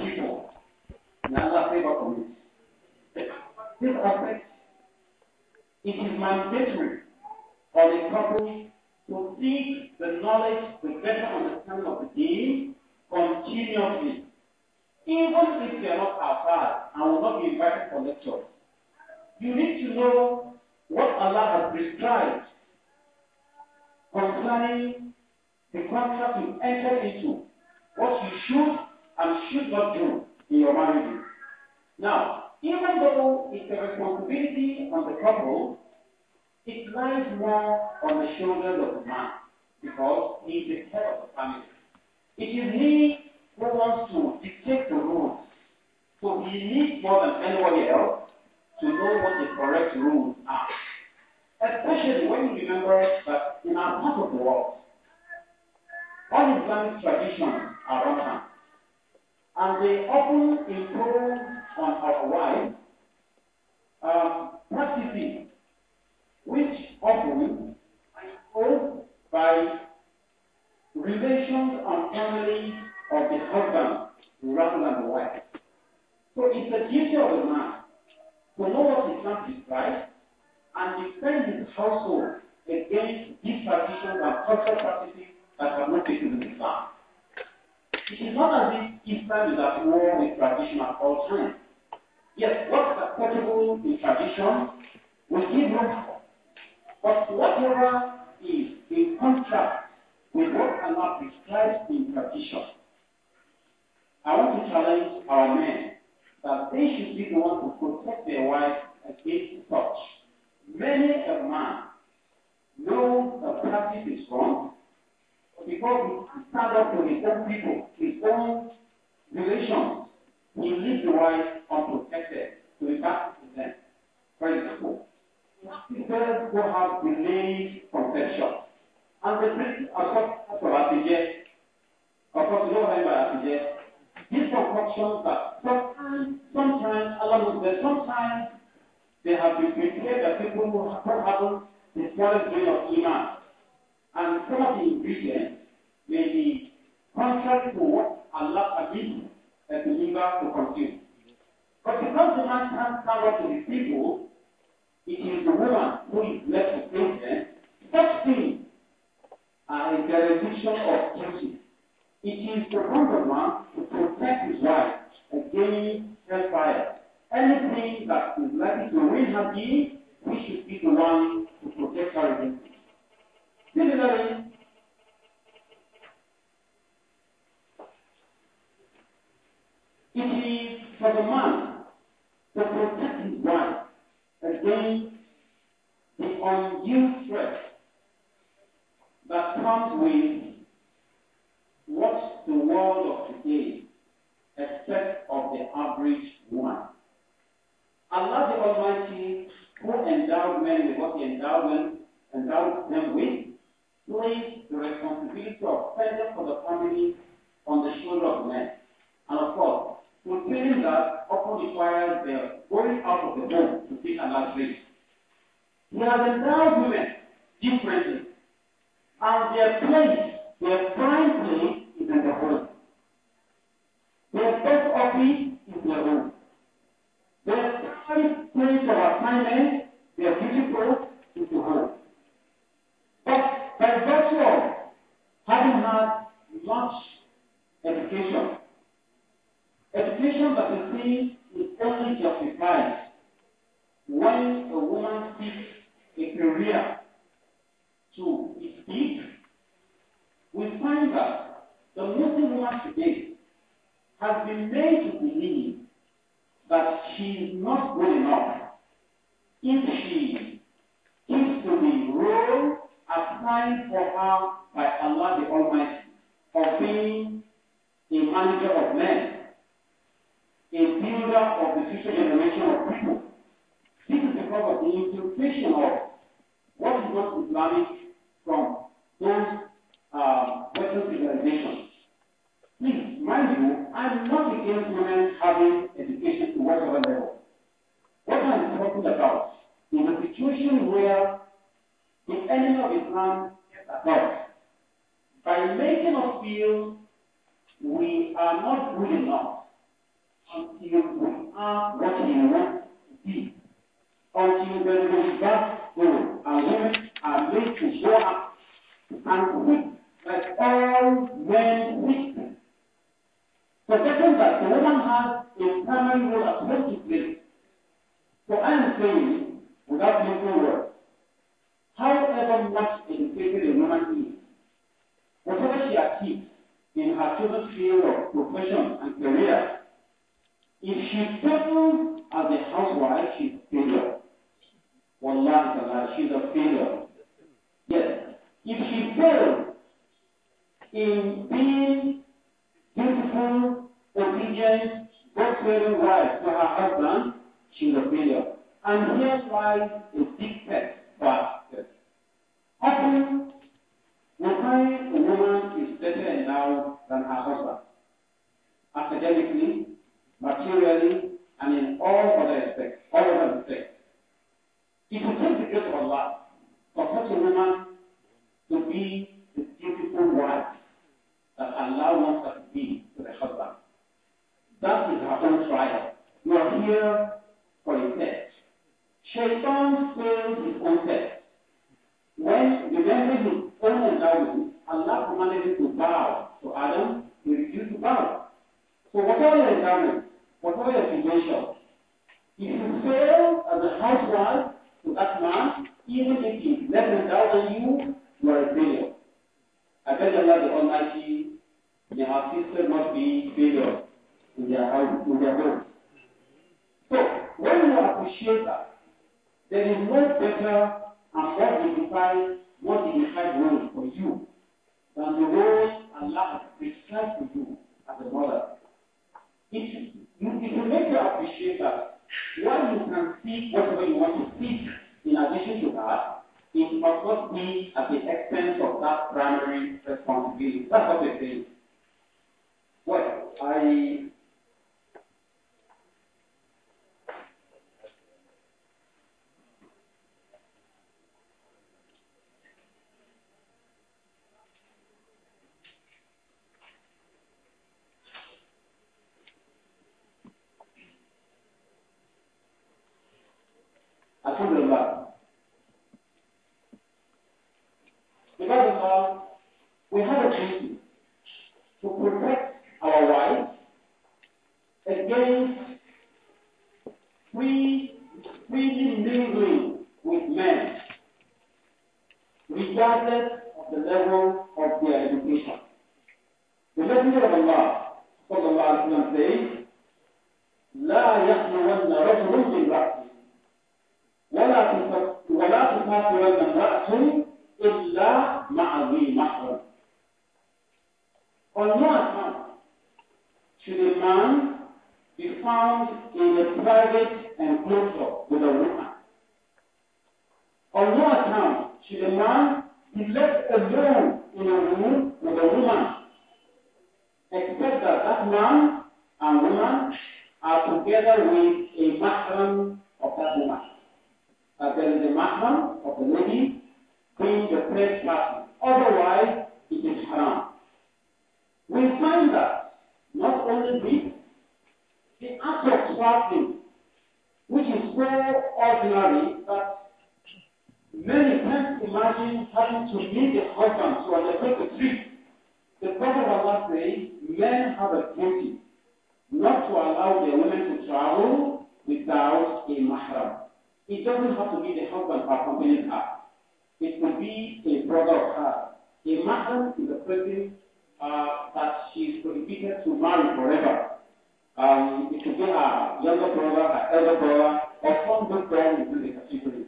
vision. May Allah favor from This aspect, it is mandatory for the couple to seek the knowledge, the better understanding of the game, continuously. Even if you are not outside and will not be invited for lecture. you need to know what Allah has prescribed concerning the contract you enter into, what you should and should not do in your marriage. Now, even though it's a responsibility on the couple, it lies more on the shoulders of the man because he is the head of the family. It is he who wants to dictate the rules. So he needs more than anybody else to know what the correct rules are. Especially when you remember that in our part of the world, all Islamic traditions are rampant and they often improve on our right um, practices, which often caused by relations and family of the husband rather than the wife. So it's the duty of the man to know what Islam prescribes and defend his household against these traditions and cultural practices that have not taken in Islam. It is not as if Islam is at war with tradition at all times. Yes, what's acceptable in tradition, we give room for. But whatever is in contrast with what Allah prescribes in tradition, I want to challenge our men that they should be the ones to protect their wives against such. Many a man knows the practice is wrong, Before we stand up to his own people, his own relations, he leaves the wife unprotected to be back to them. For example, people who have delayed conception. any hellfire. Anything that is likely to ruin her being, we should be the one to protect our against Similarly, it is for the man to protect his wife against the undue threat that comes with what the world of today except of the average one. Allah the Almighty, who endowed men with what He endowed them, with, placed the responsibility of fending for the family on the shoulder of men. And of course, fulfilling that often requires the going out of the home to seek another place. He has endowed women differently, and their place, their prime place, is in the home. Your first office is your home. Your primary place of assignment, your beautiful, is the home. But by virtue of having had much education, education that you see is only justified when a woman seeks a career to speak, we find that the Muslim woman today has been made to believe that she is not good enough if she is to be role assigned for her by Allah the Almighty of being a manager of men, a builder of the future generation of people. This is because of the interpretation of what is not Islamic from those uh, Western civilizations. Please, mind you, I'm not against women having education to whatever level. What I'm talking about is a situation where the enemy of Islam is about. By making us feel we are not good enough until we are what we want to be, until the reverse goal and women are made to go up and quit like all men quit the second that the woman has a primary role at home to play. So I'm saying, without making words, however much educated a woman is, whatever she achieves in her chosen field of profession and career, if she fails as a housewife, she's a failure. Wallahi Allah, she's a failure. Yes. If she fails in being beautiful, obedient, God-fearing wife to her husband, a failure, And here's why the big text verse. Often, we find a woman is better endowed than her husband, academically, materially, and in all other aspects, all other respects. It will take the grace of Allah for such a woman to be the beautiful wife that Allah wants her i life refers to you as a mother. It, it will make you appreciate that what you can see, whatever you want to see, in addition to that, it must not be at the expense of that primary responsibility. That's what I think. Well, I we have a duty to protect our wives against free, freely mingling with men, regardless of the level of their education. The Messenger of Allah صلى الله عليه وسلم says, لا يخلون رجل من رأسه ولا ولا تفاتون امرأة إلا مع ذي محرم on no account should a man be found in a private enclosure with a woman. On no account should a man be left alone in a room It doesn't have to be the husband accompanying her. It could be a brother of her. A mahram is a person uh, that she is prohibited to marry forever. Um, it could be her younger brother, her elder brother, or some good friend into the category.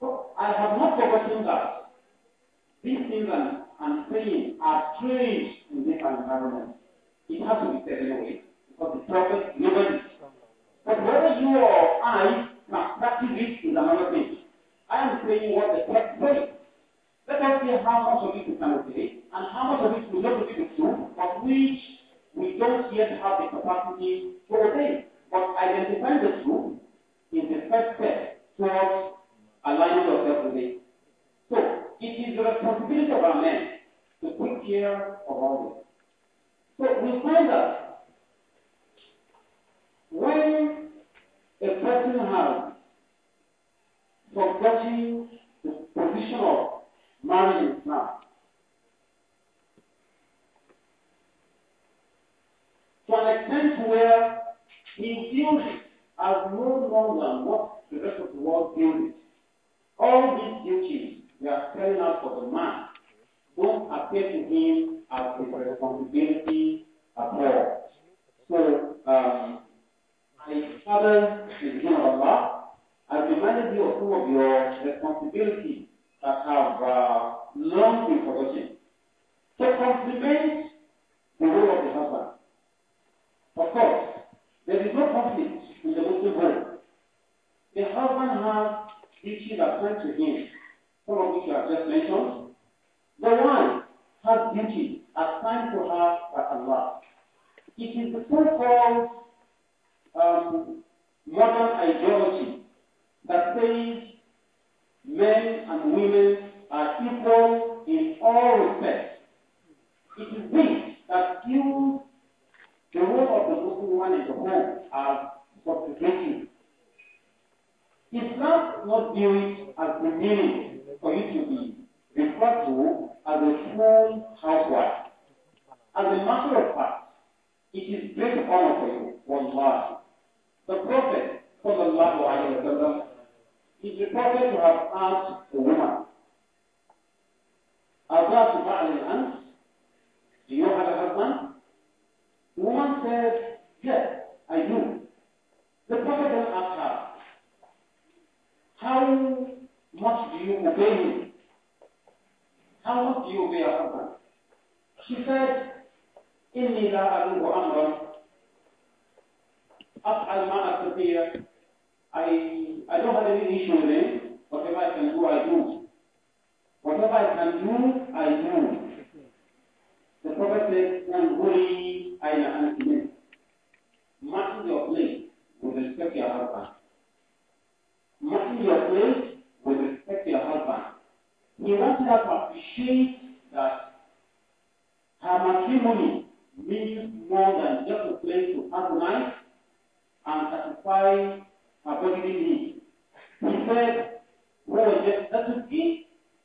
So I have not forgotten that these things and, and praying are strange in this environment. It has to be taken away because the prophet never did. But whether you or I now, practice this in the I am saying what the text says. Let us see how much of it we can obey and how much of it we know to be the truth, but which we don't yet have the capacity to obey. But identifying the truth is the first step towards aligning ourselves with it. So, it is the responsibility of our men to take care of all this. So, we find that when a person has for getting the position of marriage in Islam. To an extent where he feels as no than what the rest of the world feels. All these duties they are carrying out for the man don't appear to him as a responsibility at all. So, um, my father is Allah, has reminded you of some of your responsibilities that have uh, long been forgotten. To so complement the role of the husband. Of course, there is no conflict in the Muslim home. The husband has duties assigned to him, some of which I have just mentioned. The wife has duties assigned to her by Allah. It is the so-called um, modern ideology that says men and women are equal in all respects. It is this that views the role of the Muslim woman in the home as subjugating. Islam does not view it as the meaning for you to be referred to as a full housewife. As a matter of fact, it is great honor for you, one last. The Prophet, sallallahu alayhi wa sallam, is reported to have asked a woman, أَذَاتُ al-Ans, Do you have a husband? The woman says, yes, I do. The Prophet then asked her, how much do you obey him? How much do you obey your husband? She said, إِنِّي لَا أَلُوهُ أَمْرًا as man appear, I I don't have any issue with him. Whatever I can do, I do. Whatever I can do, I do. The prophet said, "Unguri aina antimen." Marking your place with respect to your husband. Marking your place with respect to your husband. He wants her to appreciate that her matrimony means more than just a place to have life. and satisfy her bodily needs. He said, who will just settle in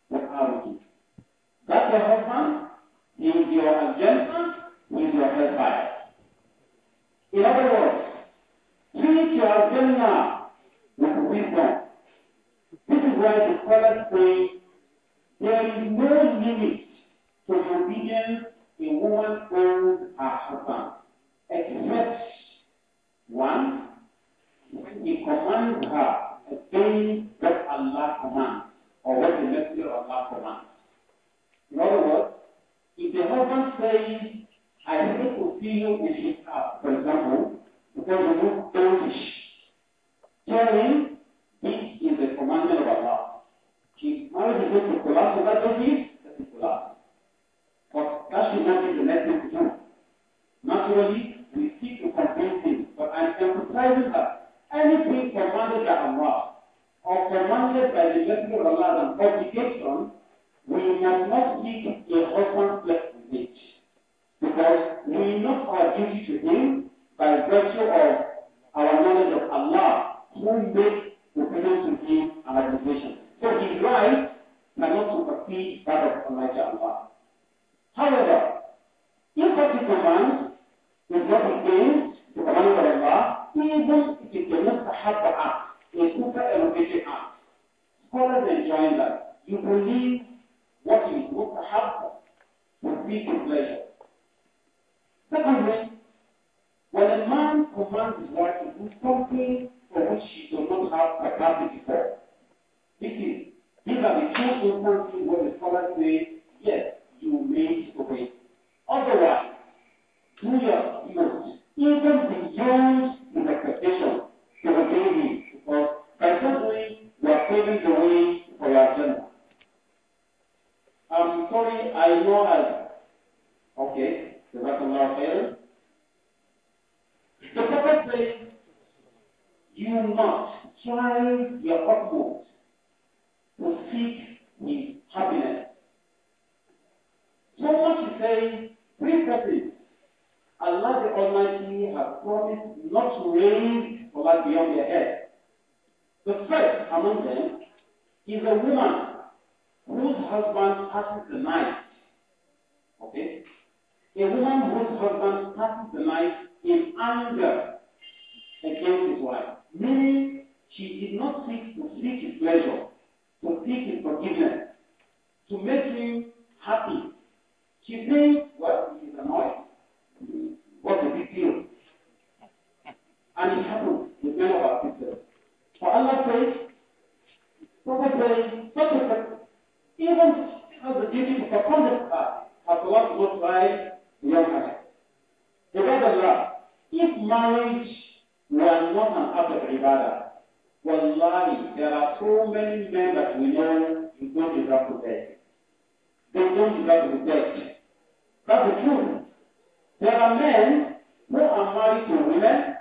the arrogant. That's your husband, he is your agenda, he is your helper. In other words, treat your agenda with wisdom. This is why the scholars say there is no limit to the obedience a woman owes her husband, except One, when he commands her, obeying what Allah commands or what the Messenger of Allah commands. In other words, if the husband says, I have to feel with his heart, for example, because you look oldish, tell him this is the commandment of Allah. If marriage is going to collapse over that basis, let it collapse. But that should not be the next thing to do. Naturally, we seek to convince him. and emphasizes that anything commanded by Allah or commanded by the Messenger of Allah and obligation, we must not seek a husband place with it. Because we know our duty to him by virtue of our knowledge of Allah, who made the obedience to him an obligation. So his right cannot supersede that of Almighty Allah. However, if what he commands is not against even if it a act. Scholars enjoy that. You believe what you be pleasure. Secondly, when a man commands wife to do something for which she does not have capacity for, are the the yes, you may disobey. Otherwise, do your most even the parents with expectation they were doing because by so we are failing the against his wife. Meaning, she did not seek to seek his pleasure, to seek his forgiveness, to make him happy. She thinks, well, he is annoyed. What the big deal? And it happens with many of our sisters. For Allah says, Prophet says, Prophet even has the duty to perform this task, has the one by the young man. the Because Allah, if marriage وأنها أصل عبادة والله there are so many men that we know who don't deserve to beg they don't deserve to beg that's the truth there are men who are married to women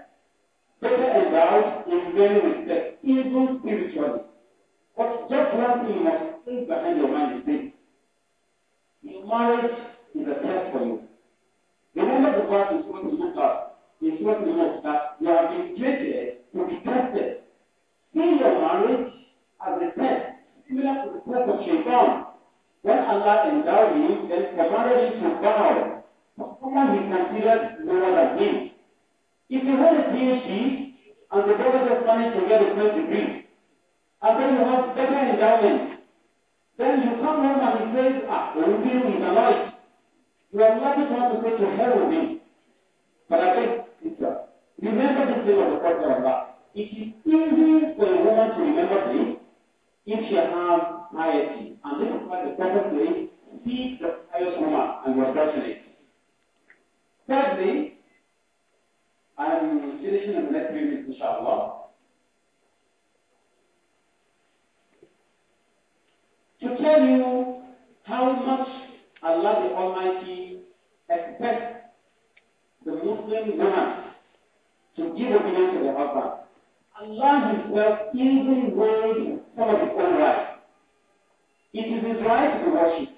better endowed in many respects even spiritually but just one thing you must think behind your mind is this marriage is a test for you remember the verse is going to look at is not enough that you have been created to be tested. See your marriage as a test, similar to the test of Shaitan. When Allah endowed you then commanded you to bow to someone he considered lower than him. If you had a PhD and the brothers just managed to get a first degree, and then you have better endowment, then you come home and you says, ah, We will be with the light. You are likely to want to say to hell with me. But I think Islam. Remember the name of the Prophet of Allah. It is easy for a woman to remember this if she has piety. And this is why the Prophet says, seek the pious woman and was fortunate. Thirdly, I'm finishing in the next few minutes, inshallah. To tell you how much Allah the Almighty expects the Muslim woman to give opinion to their husband. Allah Himself even weighed some of His own rights. It is His right to worship.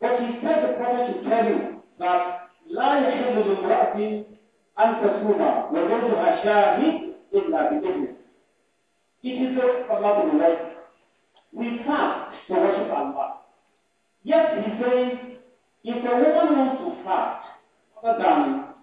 But He said the Prophet should tell you that لا يحل لامرأة أن تصوم وزوجها شاهد إلا بإذنه. It is a commandment right. We fast to worship Allah. Yet He says, if a woman wants to fast other than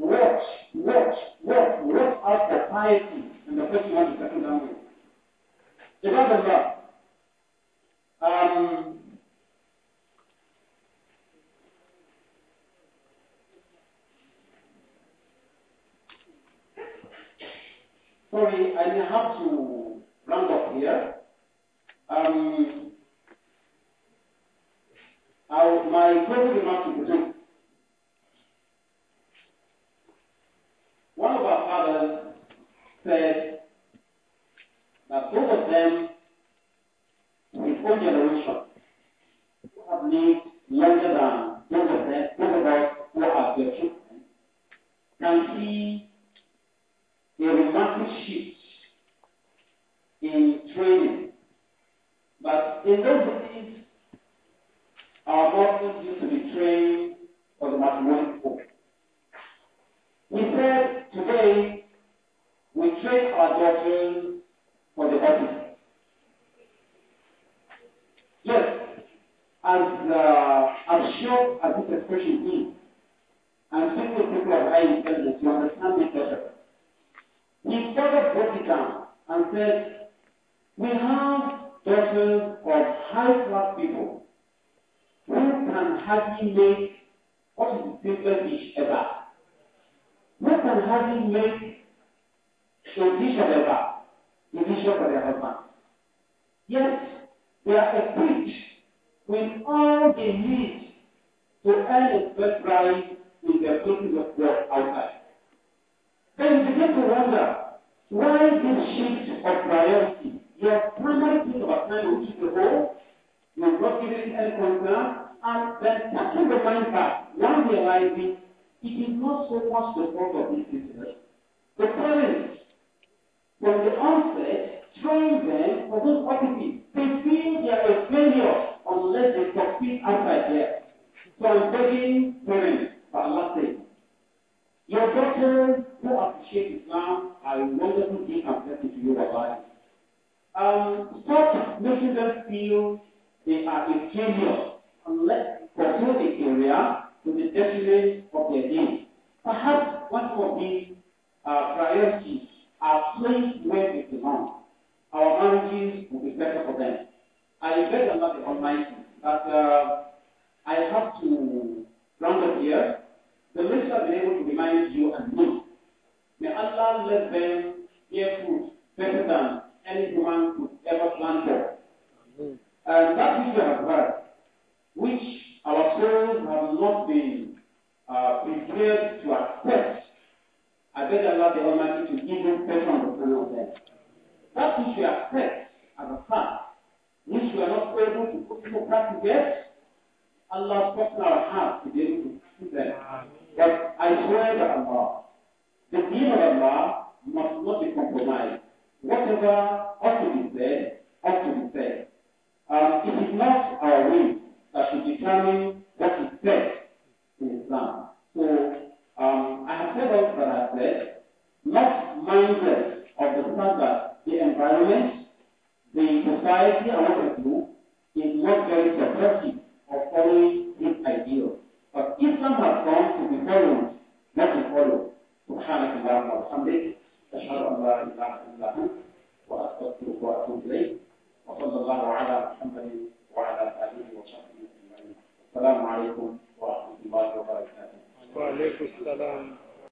watch, watch, watch, watch out for piety and the first one, to second down the It doesn't Um, sorry, I may have to round up here. Um, I, my closing remarks to present One of our fathers said, high intelligence, you understand each other. He further broke it down and said, we have dozens of high-class people who can hardly make what is the simplest dish ever. Who can hardly make a dish of ever, a dish for their husband. Yet they are equipped with all they need to earn a birthright in the places of work outside. Then you begin to wonder why this shift of priority, your primary thing about time, which is the whole, you're not giving any concern, and then touching the mind back, one realizing it is not so much the fault of these citizens. The parents, from the onset, train them for those qualities. They feel they are a failure unless they succeed outside there. So I'm begging parents, but Allah says, Your daughters who appreciate Islam are a wonderful gift and blessing to you, Rabbi. Um, stop making them feel they are inferior unless pursue the area to the detriment of their name. Perhaps one of the uh, priorities are placed where they belong. Our marriages will be better for them. I beg Allah the Almighty that uh, I have to round of years, the rich have been able to remind you and me. May Allah let them bear fruit better than any human could ever plan for. And that which we have heard, which our souls have not been uh, prepared to accept, I beg Allah the Almighty to give them better understanding of them. That which we accept as a fact, which we are not able to put into practice yet, Allah soften our hearts to be able to see them. that I swear by Allah, the deen of Allah must not be compromised. Whatever